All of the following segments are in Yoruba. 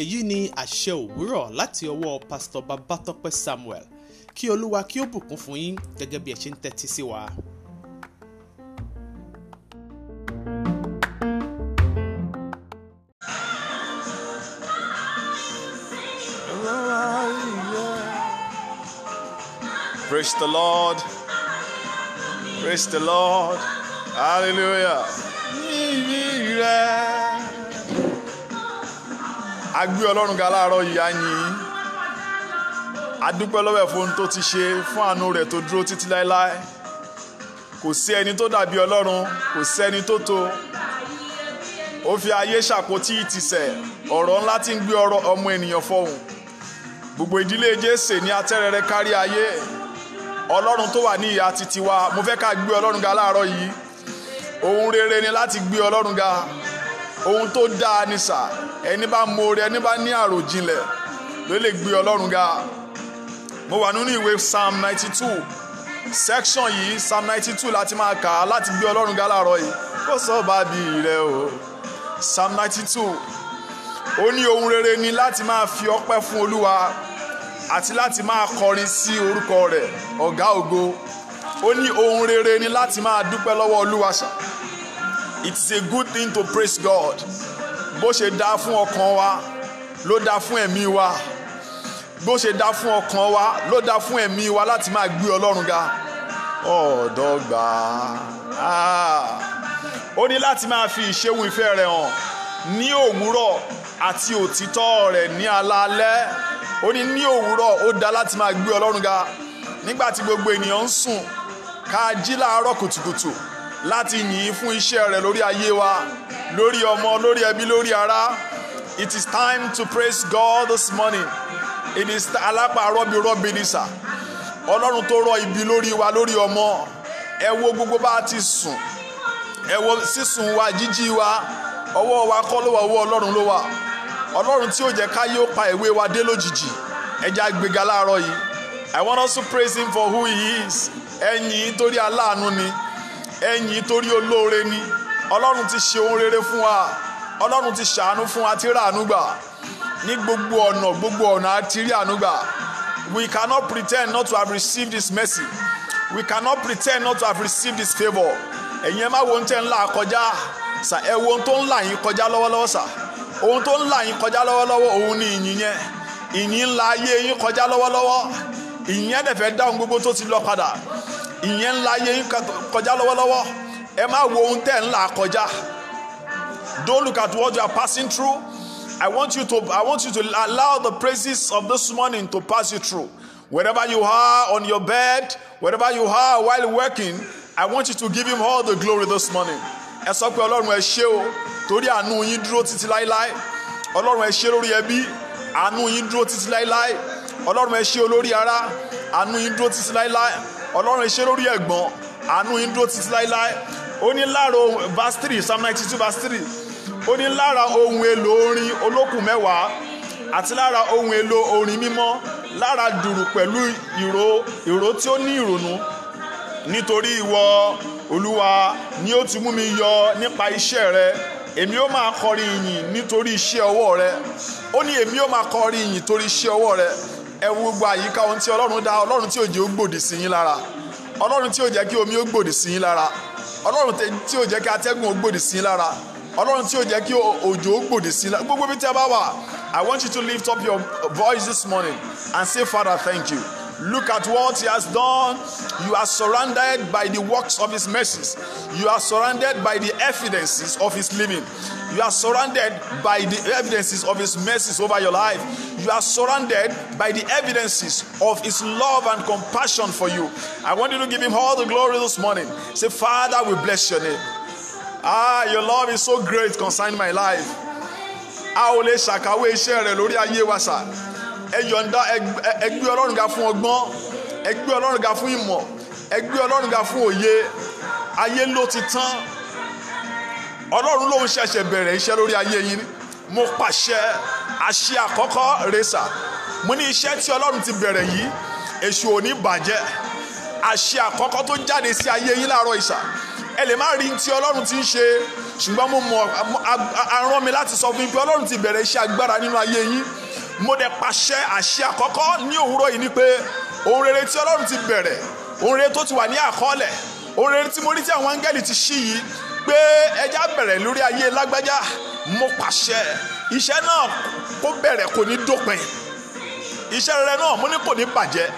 èyí ni àṣẹ òwúrọ̀ láti ọwọ́ pásítọ̀ Babátọ́pẹ́ Samuel kí Olúwa kí ó bùkún fún yín gẹ́gẹ́ bí ẹ ṣe ń tẹ́tí sí wa. Praise the Lord. Praise the Lord hallelujah. yìnyín rẹ̀. a gbé ọlọ́run ga láàárọ̀ yìí á yìn a dúpẹ́ lọ́wọ́ ẹ̀ tó ti ṣe fún àánú rẹ̀ tó dúró títí láéláé kò sí ẹni tó dàbí ọlọ́run kò sẹ́ni tó tó ó fi ayé ṣàpótí ìtìsẹ̀ ọ̀rọ̀ ńlá tí ń gbé ọ̀rọ̀ ọmọ ènìyàn fọhùn gbogbo ìdílé jésè ní atẹ́rẹrẹ kárí ayé ọlọ́run tó wà ní ìhà títí wa mo fẹ́ ká gbé ọlọ́run ga láàárọ̀ yìí ohun rere ni láti gbé ọlọ́run ga ohun tó dáa ni sà ẹni bá mọ̀ọ́rẹ ẹni bá ní àròjinlẹ̀ ló lè gbé ọlọ́run ga mo wà nínú ìwé psalm ninety two section yìí psalm ninety two láti máa kà á láti gbé ọlọ́run ga láàárọ̀ yìí kó sọ bàbí rẹ o psalm ninety two ó ní ohun rere ni láti máa fi ọpẹ́ fún olúwa àti láti máa kọrin sí orúkọ rẹ̀ ọ̀gá ògo ó ní ohun rere ni láti máa dúpẹ́ lọ́wọ́ olúwa it is a good thing to praise God bó ṣe dá fún ọkàn wa ló dá fún ẹ̀mí wa bó ṣe dá fún ọkàn wa ló dá fún ẹ̀mí wa láti máa gbé ọlọ́run ga ọ̀dọ́gba ah. ó ní láti máa fi ìṣeun ìfẹ́ rẹ̀ hàn ní òwúrọ̀ àti òtítọ́ rẹ̀ ní alaalẹ́ ó ní ní òwúrọ̀ ó dá láti máa gbé ọlọ́run ga nígbà tí gbogbo ènìyàn ń sùn ká jí kùtùkùtù láti yìn fún iṣẹ́ rẹ̀ lórí ayé wa lórí ọmọ lórí ẹbí lórí ará it is time to praise God this morning it is alápá rọ́bì rọ́bì nìsà ọlọ́run tó rọ ibi lórí wa lórí ọmọ ẹ wo gbogbo bá a ti sùn ẹ wo sísùn wa jíjí wa ọwọ́ wa kọ́ ló wà ọwọ́ ọlọ́run ló wà ọlọ́run tí ó jẹ́ ká yóò pa ìwé wa dé lójijì ẹ jẹ́ àgbéga láàárọ̀ yìí I want also praise him for who he is. ẹ̀yìn torí aláàánú ni ẹ̀yìn torí olóore ni ọlọ́run ti ṣe ohun rere fún wa ọlọ́run ti ṣàánú fún wa ti ráàánú gbà ní gbogbo ọ̀nà gbogbo ọ̀nà àti rí àánú gbà we cannot pre ten d not to have received this mercy we cannot pre ten d not to have received this favour ẹ̀yin ẹ má wo ohun tẹ́ ń là kọjá sà ẹ wo ohun tó ń là yín kọjá lọ́wọ́lọ́wọ́ sà ohun tó ń là yín kọjá lọ́wọ́lọ́wọ́ òun ni ìyìn yẹn ìyìn ńlá ayé yín kọjá lọ́wọ́lọ́wọ́ ìyìn ẹ̀ dẹ̀ fẹ́ dáhùn gbogbo tó ti lọ padà ìyẹn ńlá yẹ kọjá lọ́wọ́lọ́wọ́ ẹ má wo ohun tẹ́ ńlá kọjá don't look at what you are passing through I want you to I want you to allow the praises of this morning to pass you through wherever you are on your bed wherever you are while working I want you to give him all the glory this morning ẹ sọ pé Ọlọ́run ẹ ṣé o torí àánú yín dúró títí láéláé Ọlọ́run ẹ ṣé lórí ẹbí àánú yín dúró títí láéláé Ọlọ́run ẹ ṣé olórí ara àánú yín dúró títí láéláé ọlọ́run iṣẹ́ lórí ẹ̀gbọ́n àánú yín dúró títí láéláé ó ní lára verse three psalm ninety two verse three ó ní lára ohun èlò orin olókùn mẹ́wàá àti lára ohun èlò orin mímọ́ lára dùrù pẹ̀lú ìró ìró tí ó ní ìrònú nítorí ìwọ olúwa ni ó ti mú mi yọ nípa iṣẹ́ rẹ èmi ó máa kọrin ìyìn nítorí iṣẹ́ ọwọ́ rẹ ó ní èmi ó máa kọrin ìyìn torí iṣẹ́ ọwọ́ rẹ ẹ gbogbo àyíká ohun tí ọlọ́run dá ọlọ́run tí ò gbòdì sí yín lára ọlọ́run tí ò jẹ́ kí omi ó gbòdì sí yín lára ọlọ́run tí ò jẹ́ kí atẹ́gùn ó gbòdì sí yín lára ọlọ́run tí ò jẹ́ kí òjò ó gbòdì sí yín lára gbogbo bí tí a bá wà I want you to lift up your voice this morning and say Father thank you. Look at what he has done. You are surrounded by the works of his mercy. You are surrounded by the evidences of his living. You are surrounded by the evidences of His mercies over your life. You are surrounded by the evidences of His love and compassion for you. I want you to give Him all the glory this morning. Say, Father, we bless your name. Ah, your love is so great concerning my life. A lè ṣàkàwé iṣẹ́ rẹ̀ lórí ayé wa sà. Ẹ yọ̀ǹda ẹgbẹ́ Ọlọ́run ga fún ọgbọ́n. Ẹgbẹ́ Ọlọ́run ga fún ìmọ̀. Ẹgbẹ́ Ọlọ́run ga fún òye. Ayé ló ti tán. ọlọ́run lòun ṣẹ̀ṣẹ̀ bẹ̀rẹ̀ iṣẹ́ lórí ayé yín mo pàṣẹ àṣẹ àkọ́kọ́ rèsà mo ní iṣẹ́ tí ọlọ́run ti bẹ̀rẹ̀ yìí èṣù ò ní bàjẹ́ àṣẹ àkọ́kọ́ tó jáde sí ayé yín láàárọ̀ ìṣà ẹ lè má rí tí ọlọ́run ti ń ṣe ṣùgbọ́n mo mọ̀ arán mi láti sọ fún yín pé ọlọ́run ti bẹ̀rẹ̀ iṣẹ́ agbára nínú ayé yín mo dẹ̀ pàṣẹ àṣẹ àkọ́kọ́ ní òwúrọ̀ yìí ni pé ohun rere tí ọlọ́run ti bẹ̀rẹ̀ ohun rere tó ti wà ní àkọọ́lẹ̀ ohun rere tí mo rí tí àwọn áńgẹ́lì ti ṣí yìí pé ẹja bẹ̀rẹ̀ lórí ayé lágbájá mo pàṣẹ iṣẹ́ náà kó bẹ̀rẹ̀ kò ní dópin iṣẹ́ rere náà mo ní kò ní bàjẹ́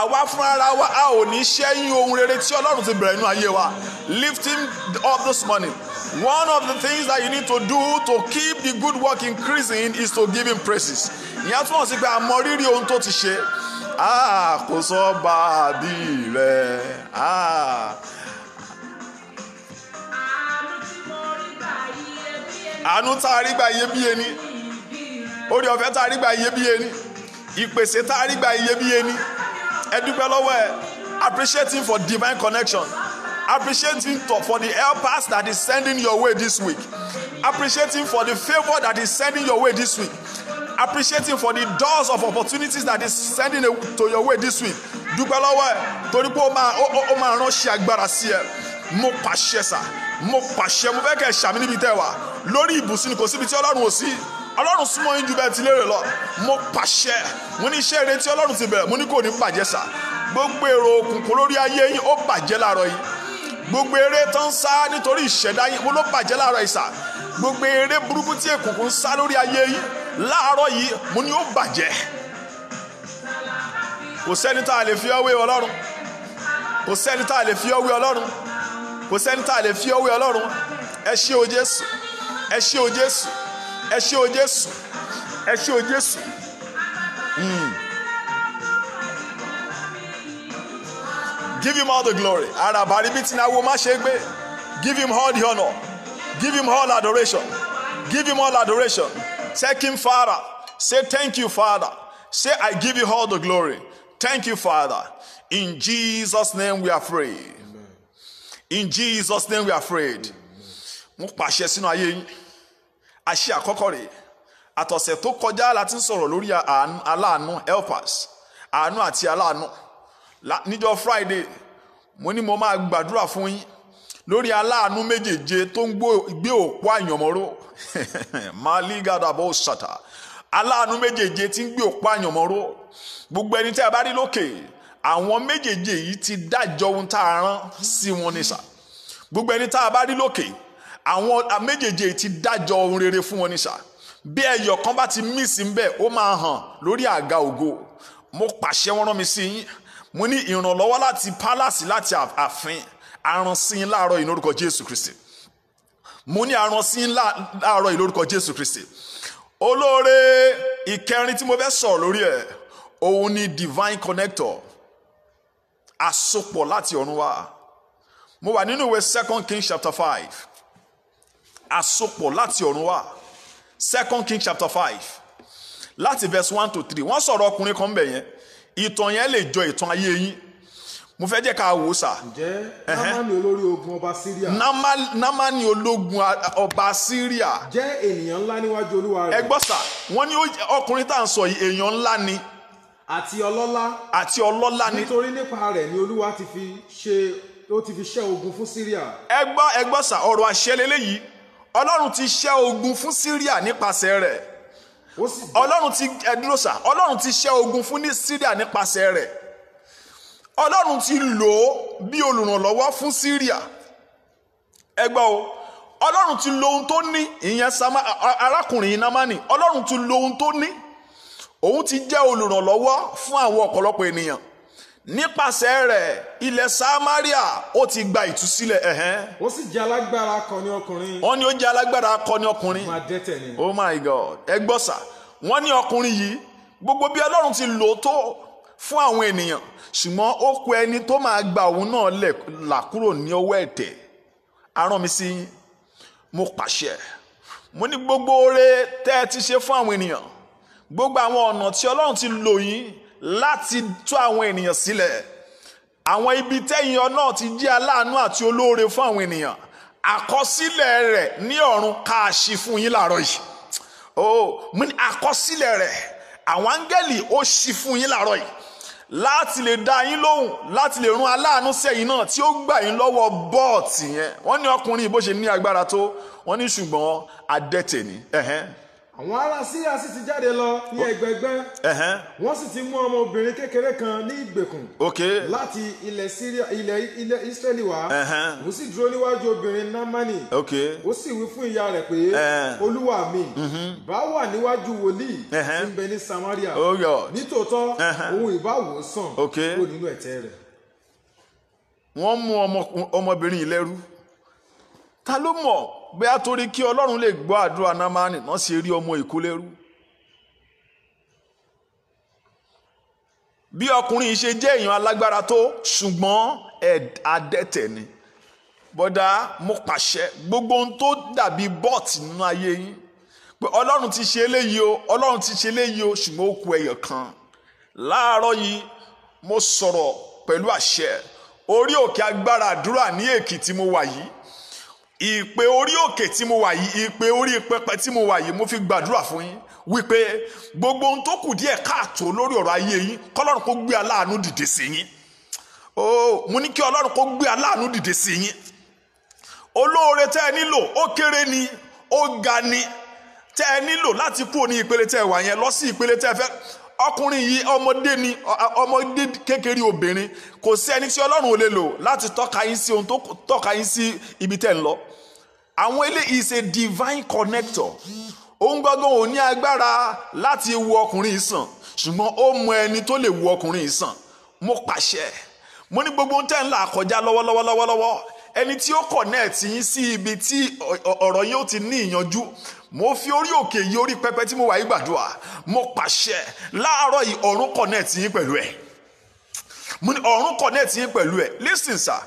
àwa fún ara wa a ò ní ṣẹ́yìn ohun rere tí Ọlọ́run ti bẹ̀rẹ̀ inú ayé wa lifting up this morning one of the things that you need to do to keep the good work increasing is to give him praises ìyẹn túmọ̀ sí pé àmọ́ rírì ohun tó ti ṣe àkóso bàbí rẹ̀ àà. àánú tá a rí gbà iyebíye ni orí ọ̀fẹ́ tá a rí gbà iyebíye ni ìpèsè tá a rí gbà iyebíye ni ẹ dúpẹ́ ẹ appreciate him for divine connection Appreciating him for the helpers that is sending your way this week Appreciating for the favour that is sending your way this week Appreciating for the doors of opportunities that is sending to your way this week dúpẹ́ lọ́wọ́ ẹ torí pé ó máa ránṣẹ́ agbára sí ẹ mo pàṣẹ sáà mo pàṣẹ mo fẹ́ kẹ́ ṣàmì níbi tẹ́ wà lórí ibùsùn kò síbi tí ọlọ́run ò sí ọlọ́run súnmọ́ yín ju bẹ́ẹ̀ ti lérè lọ mo pàṣẹ mo ní iṣẹ́ eré tí ọlọ́run ti bẹ̀rẹ̀ mo ní kò ní bàjẹ́ sà gbogbo èrò òkùnkùn lórí ayé yín ó bàjẹ́ láàárọ̀ yìí gbogbo eré tó ń sá nítorí ìṣẹ̀dá yín mo ló bàjẹ́ láàárọ̀ yìí sà gbogbo eré burúkú tí èkùnkùn ń sá lórí ayé yín láàárọ̀ yìí mo ní ó bàjẹ́ kò sẹ́ni tá a lè fi ọ́ wé ọlọ́run kò sẹ́ni tá a lè fi ọ́ wé ọlọ́run We send tá a lè fi ọwọ́ ọlọ́run ẹ ṣé o jésù ẹ ṣé o jésù ẹ ṣé o jésù ẹ o hmm. Give him all the glory. Araba ribiti in our má ṣe gbé. Give him all the honor. Give him all adoration. Give him all adoration. Thank him, Father. Say thank you, Father. Say I give you all the glory. Thank you, Father. In Jesus' name we are free. in Jesus name we are afraid mo pàṣẹ sínú ayé yín àṣẹ àkọ́kọ́ rẹ̀ àtọ̀sẹ̀ tó kọjá láti ń sọ̀rọ̀ lórí aláàánú helpers àánú àti aláàánú níjọ́ Friday mo ní mo máa gbàdúrà fún yín lórí aláàánú méjèèje tó ń gbé òpó àyànmọ́ró maligadabo sata aláàánú méjèèje tí ń gbé òpó àyànmọ́ró gbogbo ẹni tí a bá rí lókè. Okay àwọn méjèèjì yìí ti dájọ́ ohun tá a rán sí wọn ní sà gbogbo ẹni tá a bá rí lókè àwọn méjèèjì yìí ti dájọ́ ohun rere fún wọn ní sà bí ẹyọ kan bá ti mí sí bẹ́ẹ̀ ó máa hàn lórí àga ògo mo pàṣẹ wọn rán mi sí yín mo ní ìrànlọ́wọ́ láti palace láti ààfin aránsìn láàárọ̀ ìlórúkọ Jésù Kristi mo ní aránsìn láàárọ̀ ìlórúkọ Jésù Kristi olóore ìkẹrin tí mo fẹ́ sọ̀rọ̀ lórí ẹ̀ òun ni divine connector àsopọ̀ láti ọ̀run wá mo wà nínú ìwé second king chapter five àsopọ̀ láti ọ̀run wá second king chapter five láti verse one to three wọ́n sọ̀rọ̀ ọkùnrin kan bẹ̀ yẹn ìtàn yẹn lè jọ ìtàn ayé yín mo fẹ́ jẹ́ ká wò sà. ǹjẹ́ námánì olórí ogun ọba síríà. námánì ológun ọba síríà. jẹ́ ènìyàn ńlá níwájú olúwa rẹ̀. ẹ gbọ́ sà wọ́n ní ọkùnrin tá à ń sọ yìí èèyàn ńlá ni. Olori, àti ọlọ́lá àti ọlọ́lá ni nítorí nípa rẹ̀ ni olúwa ti fi ṣe ó ti fi ṣẹ́ ogun fún Síríà. ẹ gbọ́ ẹ gbọ́ sà ọ̀rọ̀ àṣẹ lélẹ́yìí ọlọ́run ti ṣẹ́ ogun fún Síríà nípasẹ̀ rẹ̀ ọlọ́run ti ẹ dúró sà ọlọ́run ti ṣẹ́ ogun fún ní Síríà nípasẹ̀ rẹ̀ ọlọ́run ti lò ó bí olùrànlọ́wọ́ fún Síríà ẹ gbọ́ o ọlọ́run ti lo ohun tó ní ìyẹn arákùnrin Námánì ọlọ́run ti lo ohun tó ní òun ti jẹ́ olùrànlọ́wọ́ fún àwọn ọ̀pọ̀lọpọ̀ ènìyàn nípasẹ̀ rẹ̀ ilẹ̀ samaria ó ti gba ìtúsílẹ̀ ẹ̀hẹ́n. ó sì jẹ́ alágbára akọni ọkùnrin. wọ́n ní ó jẹ́ alágbára akọni ọkùnrin. máa dẹ́tẹ̀ ni. oh my god ẹ gbọ́ sà wọ́n ní ọkùnrin yìí gbogbo bí ọlọ́run ti lò tó fún àwọn ènìyàn ṣùgbọ́n ó kù ẹni tó máa gba òun náà là kúrò ní ọwọ́ ẹ̀tẹ̀ arán mi sí mo pàṣẹ mo ní gbogbo oore tẹ́ ẹ ti ṣe fún àwọn ènìyàn gbogbo àwọn ọ̀nà tí ọlọ́run ti lò yín láti tú àwọn ènìyàn sílẹ̀ àwọn ibi tẹ́yìn ọ̀nà ti jẹ́ aláàánú àti olóore fún àwọn ènìyàn àkọsílẹ̀ rẹ̀ ní ọ̀run káàṣì fún yín láàárọ̀ yìí o mo ní àkọsílẹ̀ rẹ̀ àwọn áńgẹ́lì ó ṣí fún yín láàárọ̀ yìí láti lè dá yín lóhùn láti lè rún aláàánú sẹ́yìn náà tí ó gbà yín lọ́wọ́ bọ́ọ̀tì yẹn wọ́n ní ọkùnrin bó ṣe ní agbára tó wọ́n ní ṣùgbọ́n adẹ́tẹ̀ ni àwọn ará síríà sì ti jáde lọ ní ẹgbẹgbẹ wọn sì ti mú ọmọbìnrin kékeré kan ní ìgbèkùn láti ilẹ̀ síríà ilẹ̀ ilẹ̀ israẹli wá òun sì dúró níwájú obìnrin námánì ó sì wí fún ìyá rẹ̀ pé olúwa mi mhm. bá wà níwájú wòlíì tí ń bẹ ní samaria oh, nítòótọ́ òun ìbá sàn kúrò nínú ẹ̀tẹ́ rẹ̀. wọ́n mú ọmọbìnrin yìí lẹ́rú ta ló mọ̀ bẹ́ẹ̀ torí kí ọlọ́run lè gbọ́ àdúrà námánì náà ṣe rí ọmọ èkó lẹ́rú. bí ọkùnrin ṣe jẹ́ èèyàn alágbára tó ṣùgbọ́n adẹ́tẹ̀ ni bọ́dà mo pàṣẹ gbogbo ohun tó dàbí bọ́ọ̀tì nínú ayé yín pé ọlọ́run ti ṣe eléyìí o ọlọ́run ti ṣe eléyìí o ṣùgbọ́n ó ku ẹyọ kan láàárọ̀ yìí mo sọ̀rọ̀ pẹ̀lú àṣẹ orí òkè agbára àdúrà ní èkìtì mo wà yìí ìpè orí òkè tí mo wà yìí ìpè orí pẹpẹ tí mo wà yìí mo fi gbàdúrà fún yín wípé gbogbo ohun tó kù díẹ̀ káàtó lórí ọ̀rọ̀ ayé yín kọ́lọ́run kó gbé aláàánú dìde sí yín ooo oh, mo ní kí ọlọ́run kó gbé aláàánú dìde sí yín olóore tẹ́ ẹ nílò ó kéré ni ó ga ni tẹ́ ẹ nílò láti kúrò ní ìpele tẹ́ ẹ wà yẹn lọ sí ìpele tẹ́ ẹ fẹ́ ọkùnrin yìí ọmọdé ni ọmọdé kékeré obìnrin kò sí ẹni tí ọlọ́run ò lè lò láti tọ́ka yín sí ohun tó tọ́ka yín sí ibi tẹ́ ń lọ àwọn is a divine connector òun gbọ́ngàn ò ní agbára láti wo ọkùnrin yìí sàn ṣùgbọ́n ó mọ ẹni tó lè wo ọkùnrin sàn mo pàṣẹ mo ní gbogbo tẹ́ ń là kọjá lọ́wọ́lọ́wọ́lọ́wọ́ ẹni tí ó connect yín sí ibi tí ọ̀rọ̀ yín ti ní ìyanjú mo fi orí òkè yìí orí pẹpẹ tí mo wà yí gbàdúrà mo pàṣẹ láàárọ̀ yìí ọ̀run connect yín pẹ̀lú ẹ̀ mo ní ọ̀run connect yín pẹ̀lú ẹ̀ listen sir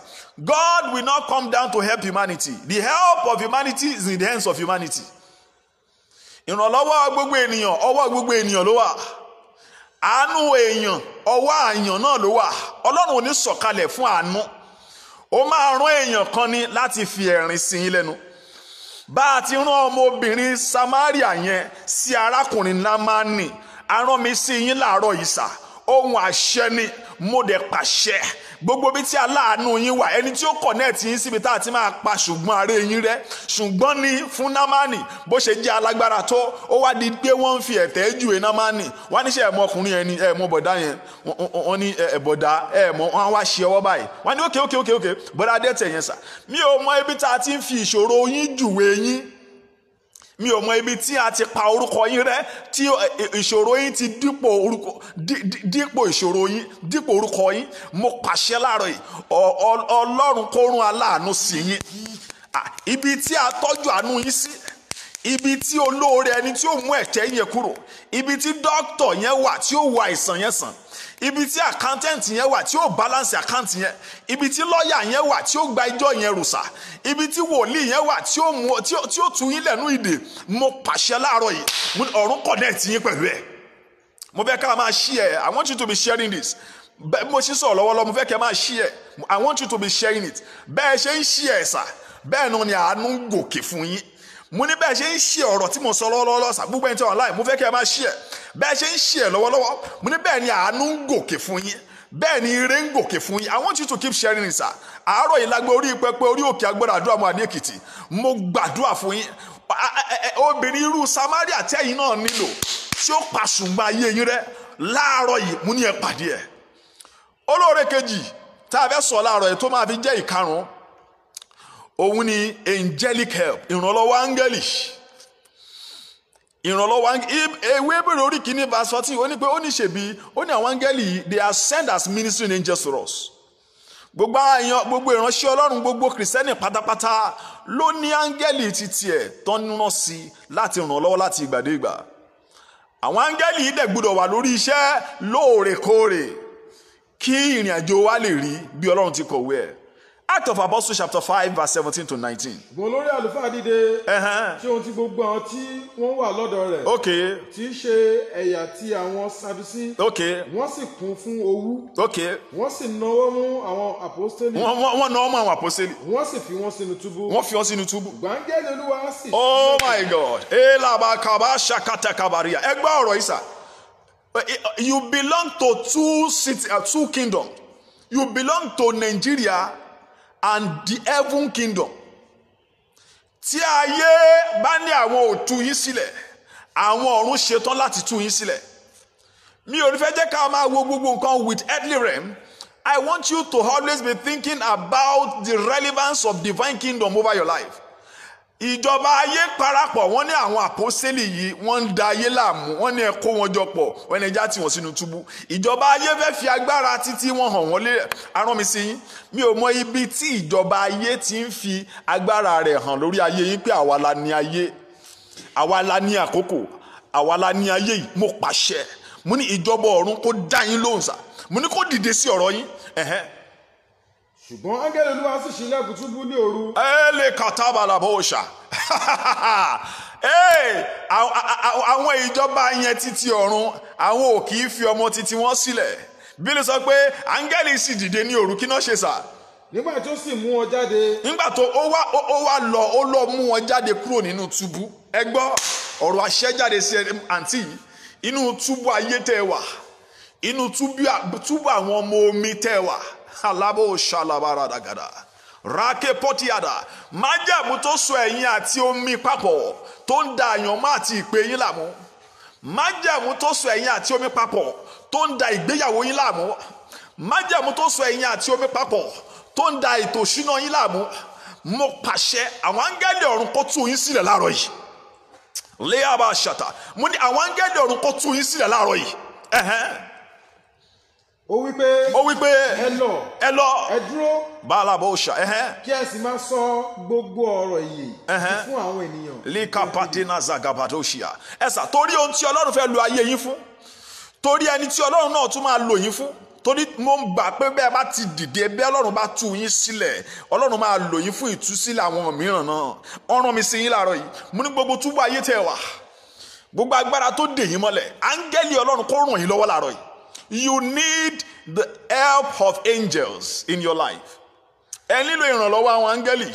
God will not come down to help humanity. The help of humanity is in the hands of humanity. Ìrànlọ́wọ́ gbogbo ènìyàn, ọwọ́ gbogbo ènìyàn ló wà. Àánú èèyàn, ọwọ́ àyàn náà ló wà. Ọlọ́run ò ní sọ̀kalẹ̀ fún àánú. Ó máa rán èèyàn kan ní láti fi ẹ̀rín sí yín lẹ́nu. Bá a ti rán ọmọbìnrin Samaria yẹn sí arákùnrin Námánì, a rán mi sí yín láàárọ̀ ìsà ohun àṣẹ ni mo dẹ̀ pàṣẹ gbogbo bí tí aláàánú yín wà ẹni tí ó kọ̀nẹ́ẹ̀tì yín síbi tá a ti máa pa ṣùgbọ́n aré yín rẹ́ ṣùgbọ́n ní fún námánì bó ṣe jẹ́ alágbára tó ó wá di pé wọ́n ń fi ẹ̀tẹ́ jù ẹ námánì wọ́n níṣẹ́ ẹ̀mọ ọkùnrin ẹni ẹ̀mọ bọ̀dá yẹn wọ́n ní ẹ̀bọ̀dá ẹ̀mọ wọn wá ṣe ọwọ́ báyìí wọ́n ní ókè ókè ókè ókè bọ́dá dẹ́tẹ̀ yẹn sà mí ò mọ ibi tá a ti ń fi ìṣòro yín jùwé yín mi ò mọ ibi tí a ti pa orúkọ yín rẹ tí ìṣòro yín ti dípò orúkọ dípò ìṣòro yín dípò orúkọ yín mo pàṣẹ láàárọ̀ yìí ọlọ́run kó rún aláàánú sí yín ibi tí a tọ́jú àánú yín sí ibi tí olóore ẹni tí ó mú ẹ̀tẹ̀ yẹn kúrò ibi tí dókítà yẹn wà tí ó wo àìsàn yẹn sàn ibi tí accountant yẹn wà tí ó balance account yẹn ibi tí lọ́ọ̀yà yẹn wà tí ó gba ẹjọ́ yẹn rùsà ibi tí wòlíì yẹn wà tí ó mú tí ó tí yín lẹ́nu ìdè mo pàṣẹ láàárọ̀ yìí ọ̀run connect yín pẹ̀lú ẹ̀ mo fẹ́ ká máa share I want you to be sharing this bẹ́ẹ̀ mo ṣí sọ̀rọ̀ lọ́wọ́lọ́wọ́ mo fẹ́ kẹ́ máa share I want you to be sharing it bẹ́ẹ̀ ṣe ń share ẹ̀ sà bẹ́ẹ̀ náà ni àánú gòkè fún yín mo ní bẹ́ẹ̀ ṣe ń ṣe ọ̀rọ̀ tí mo sọ lọ́wọ́lọ́wọ́ sà gbogbo ẹni tí online mo fẹ́ kí ẹ máa ṣe ẹ̀ bẹ́ẹ̀ ṣe ń ṣe ẹ̀ lọ́wọ́lọ́wọ́ mo ní bẹ́ẹ̀ ni àánú ń gòkè fún yín bẹ́ẹ̀ ni ire ń gòkè fún yín I want you to keep sharing it sà àárọ̀ yìí lágbó orí pẹpẹ orí òkè agbára àdúrà mo àní èkìtì mo gbàdúrà fún yín obìnrin irú Samaria tẹ́yìn náà nílò tí ó pàṣùgbọ́n ayé yín rẹ láàárọ̀ yìí mo ní ẹ pàdé ẹ̀ olóore kejì tá a fẹ́ sọ láàárọ̀ yìí tó máa fi jẹ́ ìkarùn-ún òun ni angelic help ìrànlọ́wọ́ áńgẹ́lì ìrànlọ́wọ́ ewé bèrè orí kìíní verse fourteen ó ní pé ó ní ṣèbí ó ní àwọn áńgẹ́lì they are sent as ministering angels for us gbogbo àyàn gbogbo ìránṣẹ́ ọlọ́run gbogbo kìrìsẹ́nì pátápátá ló ní áńgẹ́lì títí ẹ̀ tọ́núná sí láti ràn lọ́wọ́ láti ìgbà dé ìgbà àwọn áńgẹ́lì yìí dẹ̀ gbọ́dọ̀ wà lórí iṣẹ́ lóòrèkóòrè kí ìrìn àjò wa lè rí bí ọlọ́run ti kọ̀wé ẹ̀ Act of Apostles chapter five verse seventeen to nineteen. Ṣùgbọ́n olórí àlùfáà dìde. Ṣé ohun tí gbogbo àwọn tí wọ́n wà lọ́dọ̀ rẹ̀? Ok. Tí ṣe ẹ̀yà ti àwọn Sadusí. Ok. Wọ́n sì kún fún owú. Ok. Wọ́n sì náwó mú àwọn àpọ́sítélì. Wọ́n wọ́n náwó mú àwọn àpọ́sítélì. Wọ́n sì fi wọ́n sínú túbú. Wọ́n fi wọ́n sínú túbú. Gbàǹgẹ́ ni Olúwa sì. Oh my God! Elaba kaba shakata kabaria. Ẹ gbọ́ ọ̀rọ̀ You belong to two cities, uh, two kingdoms. You belong to Nigeria and the heaven kingdom tí ayé bá ní àwọn ò tú yín sílẹ̀ àwọn ọ̀run ṣetán láti tú yín sílẹ̀ mi ò ní fẹ́ jẹ́ ká máa wo gbogbo nǹkan with earthly realm I want you to always be thinking about the relevance of divine kingdom over your life ìjọba ayé parapọ̀ wọ́n ní àwọn àpọ́sẹ́lì yìí wọ́n ń da ayé láàmú wọ́n ní ẹ kó wọn jọ wọ́n ní ẹja tí wọ́n sínú túbú ìjọba ayé fẹ́ fi agbára títí wọ́n hàn wọ́n lé arán mi sí yín mi ò mọ ibi tí ìjọba ayé ti ń fi agbára rẹ̀ hàn lórí ayé yín pé àwa la ní ayé àwa la ní àkókò àwa la ní ayé yìí mo pàṣẹ mo ní ìjọba ọ̀run kó dá yín lóhùn sá mo ní kó dìde sí ọ̀rọ̀ yín ẹ̀hẹ́n ṣùgbọ́n áńgẹ́lì olúwa sì ṣí ilẹ̀kùn túbú ní òru. ẹ lè kàtà bàlàbọ̀ òòṣà àwọn ìjọba yẹn títí ọ̀run àwọn ò kì í fi ọmọ títí wọn sílẹ̀ bílí sọ pé áńgẹ́lì sì dìde ní òru kí náà ṣe sà. nígbà tó sì mú wọn jáde. nígbà tó ó wá ó wá lọ ó lọ mú wọn jáde kúrò nínú túbú ẹ gbọ́ ọ̀rọ̀ àṣẹjáde sí àǹtí yìí inú túbú ayé tẹ wà inú túbú àwọn ọmọ omi tẹ wà kalabo shalabara dagada rake potiada májẹ̀mú tó so ẹ̀yin àti omi papọ̀ tó ń da àyànmọ́ àti ìpè yín làmú májẹ̀mú tó so ẹ̀yin àti omi papọ̀ tó ń da ìgbéyàwó yín làmú májẹ̀mú tó so ẹ̀yin àti omi papọ̀ tó ń da ètò yín làmú mo pàṣẹ àwọn áńgẹ́lì ọ̀run kó tú yín sílẹ̀ láàárọ̀ yìí léyàbá ṣàtà mo ní àwọn áńgẹ́lì ọ̀run kó tú yín sílẹ̀ láàárọ̀ yìí. ó wí pé wípé ẹ lọ ẹ lọ ẹ dúró bàálàbò ṣà ẹhẹn. kí ẹ sì máa sọ gbogbo ọ̀rọ̀ yìí fún àwọn ènìyàn. líka patina zagabadosia ẹ̀sà torí ohun tí ọlọ́run fẹ́ lo ayé yín fún torí ẹni tí ọlọ́run náà tún máa lò yín fún torí mo ń gbà pé bẹ́ẹ̀ bá ti dìde bẹ́ẹ̀ ọlọ́run bá tú yín sílẹ̀ ọlọ́run máa lò yín fún ìtúsílẹ̀ àwọn mìíràn náà ọ̀ràn mi sí yín láàárọ̀ yìí mo ní gbogbo túbọ̀ ayé tẹ̀ wá gbogbo agbára tó dè yín mọ́lẹ̀ áńgẹ́lì ọlọ́run kó ràn yín lọ́wọ́ láàárọ̀ yìí you need the help of angels in your life ẹ nílò ìrànlọ́wọ́ àwọn áńgẹ́lì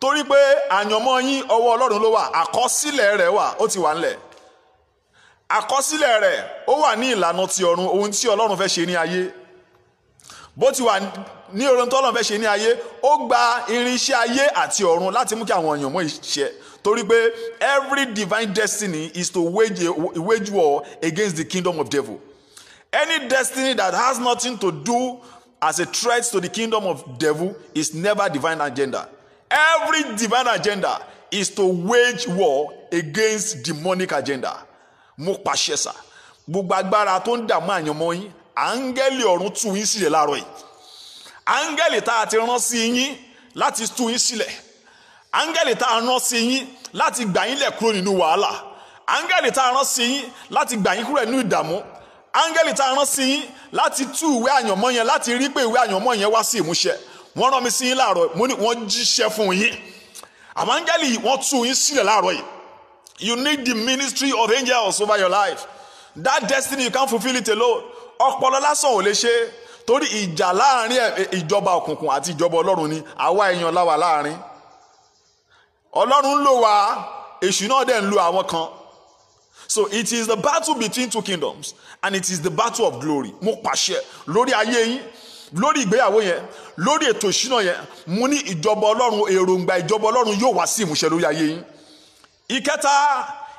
torí pé àyànmọ́ yín ọwọ́ ọlọ́run ló wà àkọsílẹ̀ rẹ̀ wà ó ti wà ńlẹ̀ àkọsílẹ̀ rẹ̀ ó wà ní ìlànà ti ọ̀run ohun tí ọlọ́run fẹ́ ṣe ní ayé bó ti wà ní ọ̀run tí ọlọ́run fẹ́ ṣe ní ayé ó gba irinṣẹ́ ayé àti ọ̀run láti mú kí àwọn èèyàn mọ̀ torí pé every divine destiny is to wage, wage war against the kingdom of devil Any destiny that has nothing to do as a threat to the kingdom of devil is never divine agenda. Every divine agenda is to wage war against demonic agenda. Mo pàṣẹ sà. Gbogbo agbára tó ń dààmú àyànmọ́ yín, áńgẹ́lì ọ̀run tú yín sílẹ̀ láàárọ̀ yìí. Áńgẹ́lì tá a ti rán sí yín láti tú yín sílẹ̀. Áńgẹ́lì tá a rán sí yín láti gbà yín lẹ̀ kúrò nínú wàhálà. Áńgẹ́lì tá a rán sí yín láti gbà yín kúrò nínú ìdààmú áńgẹ́lì tá a rán sí yín láti tú ìwé àyànmọ́ yẹn láti rí pé ìwé àyànmọ́ yẹn wá sí ìmúṣẹ wọ́n rán mi sí yín láàárọ̀ mo ní wọ́n jíṣẹ́ fún yín àmọ́ áńgẹ́lì wọ́n tú yín sílẹ̀ láàárọ̀ yìí you need the ministry of angels over your life that destiny you can't fulfil it alone ọpọlọ lásán ò lè ṣe torí ìjà láàrin ìjọba òkùnkùn àti ìjọba ọlọ́run ni àwa èèyàn láwa láàrin ọlọ́run ló wà èṣù náà dẹ̀ ń lo àwọn kan so it is the battle between two kingdoms and it is the battle of glory mo pàṣẹ lórí ayé yín lórí ìgbéyàwó yẹn lórí ètò ìṣúná yẹn mo ní ìjọba ọlọ́run èròǹgbà ìjọba ọlọ́run yóò wá sí ìmúṣẹ lórí ayé yín ìkẹta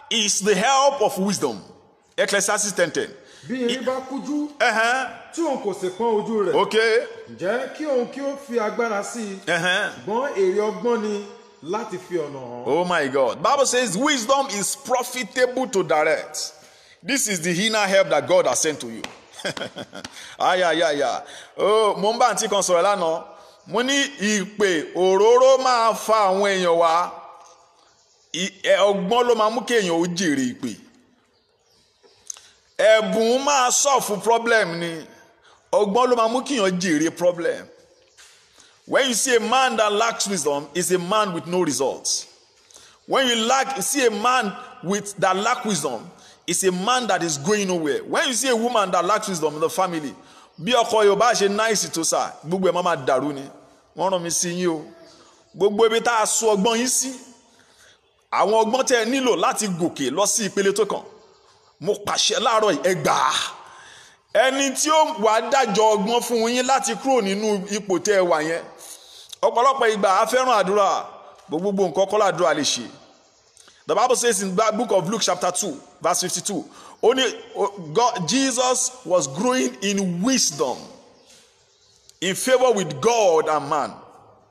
is the help of wisdom ecclesiastes ten ten. bí irin bá kújú tí òun kò sì pọ́n ojú rẹ̀ ǹjẹ́ kí òun kí ó fi agbára sí i ṣùgbọ́n èrè ọgbọ́n ni láti fi ọ̀nà hàn. oh my god bible says wisdom is profitable to direct this is the inner help that god has sent to you ayayaya oh mo ń bá àǹtí kan sọ̀rọ̀ lánàá mo ní ìpè òróró máa fa àwọn èèyàn wá ọgbọ́n ló máa mú kí èèyàn ó jèrè ìpè ẹ̀bùn máa sọ̀fù problem ni ọgbọ́n ló máa mú kí èèyàn jèrè problem When you see a man that lacks wisdom, is a man with no results. When you lack, see a man with that lack wisdom, is a man that is going nowhere. When you see a woman that lacks wisdom in the family, bí ọkọ Yorùbá ṣe náìsì tó sà gbogbo ẹ̀ má má dàrú ni wọ́n rán mi sí yín o gbogbo ibi tá a sọ ọgbọ́n yín sí àwọn ọgbọ́n tẹ́ ẹ nílò láti gòkè lọ sí ìpele tó kàn mo pàṣẹ láàárọ̀ ẹ ẹni tí ó wàá dájọ́ ọgbọ́n fún yín láti kúrò nínú ipò tẹ́ ẹ wà yẹn ọ̀pọ̀lọpọ̀ ìgbà a fẹ́ràn àdúrà gbogbo nǹkan kọ́ làdúrà lè ṣe the bible says in the book of luke chapter two verse fifty-two only god jesus was growing in wisdom in favour with god and man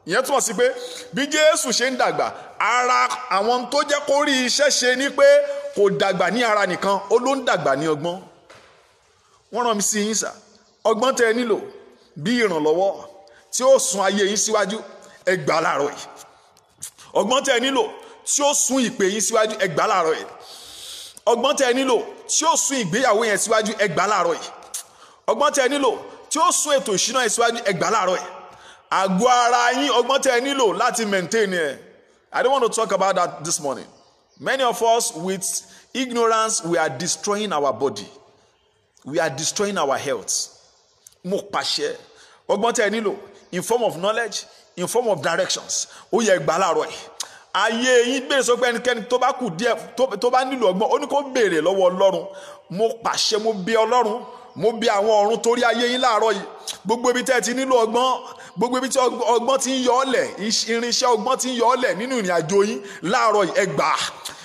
ìyẹn túmọ̀ sí pé bí jésù ṣe ń dàgbà ara àwọn tó jẹ́ kó rí iṣẹ́ ṣe ni pé kò dàgbà ní ara nìkan ó ló ń dàgbà ní ọgbọ́n wọ́n rán mi sí yín sà ọgbọ́n tẹ́ ẹ nílò bí ìrànlọ́wọ́ tí ó sun ayé yín síwájú ẹ gbà láàárọ̀ yìí ọgbọ́n tẹ́ ẹ nílò tí ó sun ìpè yín síwájú ẹ gbà láàárọ̀ yìí ọgbọ́n tẹ́ ẹ nílò tí ó sun ìgbéyàwó yẹn síwájú ẹ gbà láàárọ̀ yìí ọgbọ́n tẹ́ ẹ nílò tí ó sun ètò ìṣúná yẹn síwájú ẹ gbà yìí àgọ́ ara yín ọgbọ́n tẹ́ ẹ nílò láti maintain ẹ I don't want to talk about that this morning many of us with ignorance we are destroying our body we are destroying our health mo pàṣẹ ọgbọ́n tẹ́ ẹ nílò in form of knowledge in form of directions ó yẹ gbà láàárọ̀ yìí ayé yín béèrè sọ pé ẹnikẹ́ni tó bá kù díẹ̀ tó bá nílò ọgbọ́n ó ní kó béèrè lọ́wọ́ ọlọ́run mo pàṣẹ mo bí ọlọ́run mo bí àwọn ọ̀run torí ayé yín láàárọ̀ yìí gbogbo ibi tẹ́ ẹ ti nílò ọgbọ́n gbogbo ibi tí ọgbọ́n ti ń yọ ọ́ lẹ̀ irinṣẹ́ ọgbọ́n ti ń yọ ọ́ lẹ̀ nínú ìrìn àjò yín láàárọ̀ yìí ẹ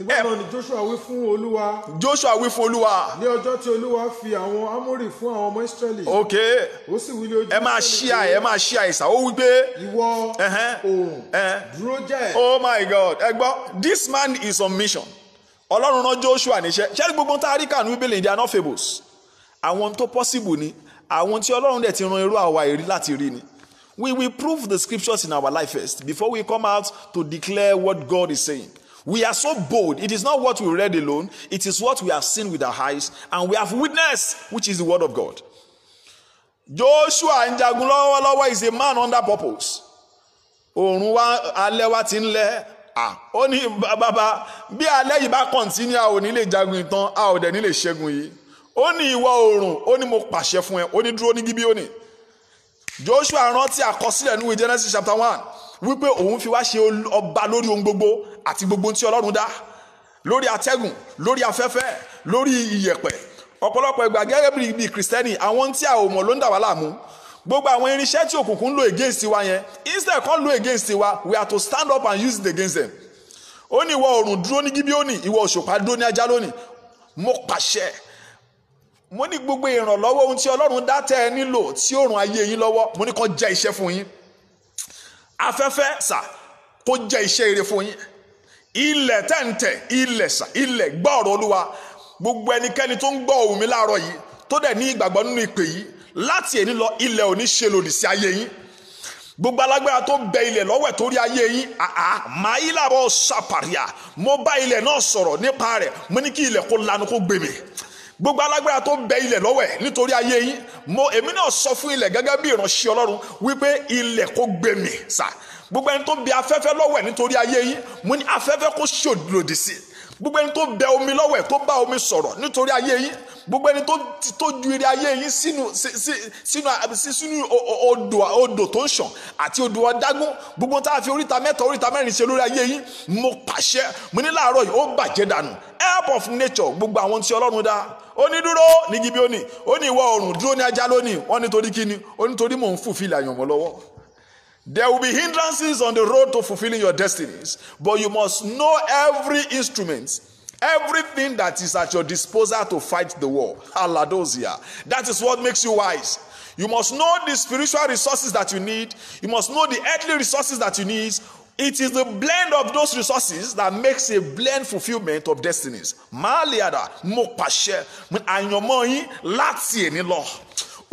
Ìgbà ni Joshua wí fún Olúwa. Joshua wí fún Olúwa. Ní ọjọ́ tí Olúwa fi àwọn Amórì fún àwọn ọmọ Ísírẹ́lì. Ok. Ó sì wí lójú. Ẹ máa ṣí àyè ẹ máa ṣí àyè sá. Ó wí pé. Ìwọ oòrùn dúró jẹ́. Oh my God! Ẹ gbọ́, this man is on mission. Ọlọ́run rán Joshua níṣẹ́. Ṣé gbogbo tá a rí kànú Bíbélì ìdí àná fables? Àwọn tó possible ni. Àwọn tí Ọlọ́run dẹ̀ ti ran irú àwa èrí láti rí ni. We will prove the scriptures in our life first before we come out to declare what God is saying. We are so bold. It is not what we read alone, it is what we have seen with our eyes and we have witnessed, which is the word of God. Joshua ń jagun lọ́wọ́lọ́wọ́ is a man under purpose. Òòrùn wa alẹ́ wa ti ń lẹ́. Ó ní bàbá bí alẹ́ yìí bá kọ̀ǹtínú a ò ní lè jagun ìtàn a ò dẹ̀ ní lè ṣẹ́gun yìí. Ó ní ìwọ oòrùn ó ní mo pàṣẹ fún ẹ ó ní dúró ní Gíbíónì. Joshua rántí àkọsílẹ̀ níwèé Genesis chapter one wípé òun fi wá ṣe ọba lórí ohun gbogbo àti gbogbo tí ọlọ́run dá lórí atẹ́gùn lórí afẹ́fẹ́ lórí iyẹ̀pẹ̀ ọ̀pọ̀lọpọ̀ ìgbà gẹ́gẹ́ bí kìrìsìtẹ́nì àwọn tí a ò mọ̀ ló ń dà wá láàmú gbogbo àwọn irinṣẹ́ tí òkùnkùn ń lò against wa yẹn instead kan lò against wa we are to stand up and use it against them ó ní ìwọ oòrùn dúró ní gíbíónì ìwọ òṣùpá dúró ní ajálónì mo pàṣẹ mo ní gbogbo ìrànlọ́wọ́ ohun tí ọlọ́run dá tẹ́ ẹ nílò tí ó ràn ayé yín lọ́wọ́ mo ní kàn jẹ́ iṣẹ́ fún yín afẹ́fẹ́ sà kó jẹ́ iṣẹ́ ire fún yín ilẹ̀ tẹ̀ǹtẹ̀ ilẹ̀ sà ilẹ̀ gbọ́ ọ̀rọ̀ olúwa gbogbo ẹnikẹ́ni tó ń gbọ́ ohùn mi láàárọ̀ yìí tó dẹ̀ ní ìgbàgbọ́ nínú ìpè yìí láti èní lọ ilẹ̀ ò ní ṣe lòdì sí ayé yín gbogbo alágbára tó bẹ ilẹ̀ lọ́wẹ̀ tó rí ayé yín àá màá yí làbọ̀ ṣàpàrìà mo bá ilẹ̀ náà sọ̀rọ̀ nípa rẹ̀ mo ní kí ilẹ̀ kó lanu kó gbèmí gbogbo alágbára tó bẹ ilẹ̀ lọ́wẹ̀ nítorí ayé yín mo èmi náà sọ fún ilẹ̀ gẹ́gẹ́ bí ìránṣẹ́ ọlọ́run wípé ilẹ̀ kò gbẹ̀mí sà gbogbo ẹni tó bẹ afẹ́fẹ́ lọ́wẹ̀ nítorí ayé yín mo ní afẹ́fẹ́ kò ṣòdì lòdì sí i gbogbo ẹni tó bẹ omi lọ́wọ́ ẹ̀ tó bá omi sọ̀rọ̀ nítorí ayé yín gbogbo ẹni tó ju eré ayé yín sínú sínú odò odò tó ń ṣàn àti odò ọ̀dágún gbogbo tá a fi oríta mẹ́ta oríta mẹ́rin ṣe lórí ayé yín mo pàṣẹ mo ní láàárọ̀ yìí ó bàjẹ́ dànù help of nature gbogbo àwọn tí ọlọ́run dá ó ní dúró ní Gíbíónì ó ní ìwọ oòrùn dúró ní ajá lónìí wọ́n nítorí kíni ó nítorí mò ń fùfìlà àyànmọ́ lọ́wọ́ There will be hindrances on the road to fulfilling your destinies, but you must know every instrument, everything that is at your disposal to fight the war. Aladosia. That is what makes you wise. You must know the spiritual resources that you need, you must know the earthly resources that you need. It is the blend of those resources that makes a blend fulfillment of destinies. Maliada, Mopashe, Anyomoyi, Lati, Nilo.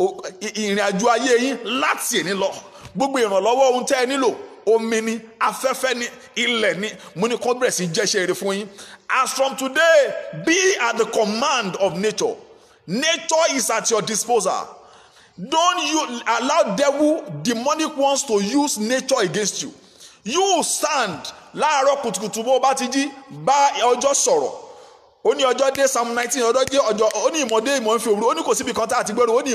Ìrìn àjò yín láti ni lọ. gbogbo ìrànlọ́wọ́ ohun tẹ́ ẹ nílò omi ni afẹ́fẹ́ ni ilẹ̀ ni mo ní kó bẹ̀rẹ̀ sí jẹ́ṣẹ́ rere fún yín as from today be at the command of nature nature is at your disposal don't you allow devil demonic ones to use nature against you you stand láàárọ̀ kùtùkùtù bó bá ti jí bá ọjọ́ sọ̀rọ̀ ó ní ọjọ́ dé psalm nineteen ọjọ́ dé ọjọ́ ó ní ìmọ̀dé ìmọ̀ ń fi òru ó ní kò síbi kan tá a gbẹ́rù ó ní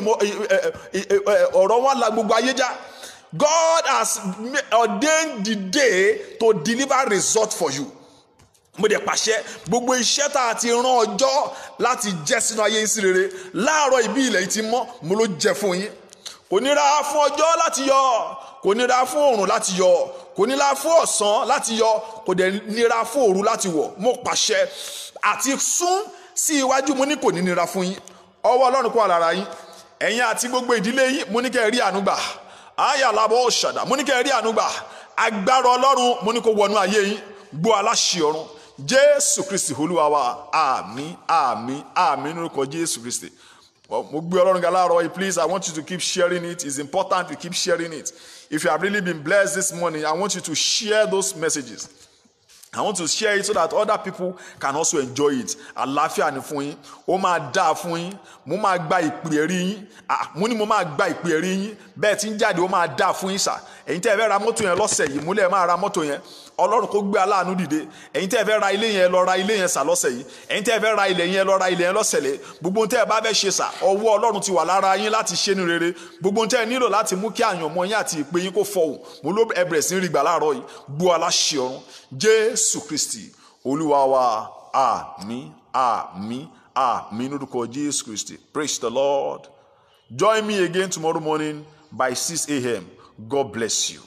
ọ̀rọ̀ wọn la gbogbo ayé já God has ordained the day to deliver result for you. mo dẹ̀ pàṣẹ gbogbo iṣẹ́ tá a ti rán ọjọ́ láti jẹ́ sínú ayé yín sí rere láàárọ̀ ibi ilẹ̀ yìí ti mọ́ mo ló jẹ fún yín kò nira fún ọjọ́ láti yọ kò nira fún oòrùn láti yọ kò nira fún ọ̀sán láti yọ kò dẹ̀ nira fún òru láti wọ̀ mo pàṣẹ àti sún sí iwájú mo ní kò ní nira fún yín ọwọ́ ọlọ́run kó wà lára yín ẹ̀yin àti gbogbo ìdílé yín mo ní kẹ́ ẹ rí àánú gbà àyà làbọ̀ ọ̀ṣàdà mo ní kẹ́ ẹ rí àánú agbára ọlọ́run mo ní kó wọnú ayé yín gbọ́ aláṣẹ ọ̀run jésù kristi olúwa wa àmín àmín àmín nírúkọ jésù kristi mo gbé ọlọ́run ga please i want you to keep sharing it it's important to keep sharing it if you have really been blessed this morning i want you to share those messages. I want to share it so that other people can also enjoy it. Àlàáfíà ni fún yín, ó máa dáa fún yín, mo máa gba ìpè ẹ̀rí yín, mo ní mo máa gba ìpè ẹ̀rí yín, bẹ́ẹ̀ tí ń jáde ó máa dáa fún yín sà. Ẹ̀yin tẹ́ ẹ fẹ́ ra mọ́tò yẹn lọ́sẹ̀ yìí, múlẹ̀ máa ra mọ́tò yẹn ọlọ́run kó gbé aláàánú dìde ẹ̀yin tẹ́ ẹ fẹ́ ra ilé yẹn lọ ra ilé yẹn sà lọ́sẹ̀ yìí ẹ̀yin tẹ́ ẹ fẹ́ ra ilẹ̀ yẹn lọ ra ilẹ̀ yẹn lọ́sẹ̀ lẹ̀ gbogbo tẹ́ ẹ bá fẹ́ ṣe sà ọwọ́ ọlọ́run ti wà lára yín láti ṣe ní rere gbogbo tẹ́ ẹ nílò láti mú kí àyànmọ́ yín àti ìpè yín kó fọhùn mo ló ẹbẹ̀rẹ̀ sí rí gbà láàárọ̀ yìí gbọ́ aláṣẹ ọ̀run jésù kristi olúwa wa àmín àmín àmín lórúkọ jésù kristi praise the lord join me again tomorrow morning by 6 a.m. god bless you.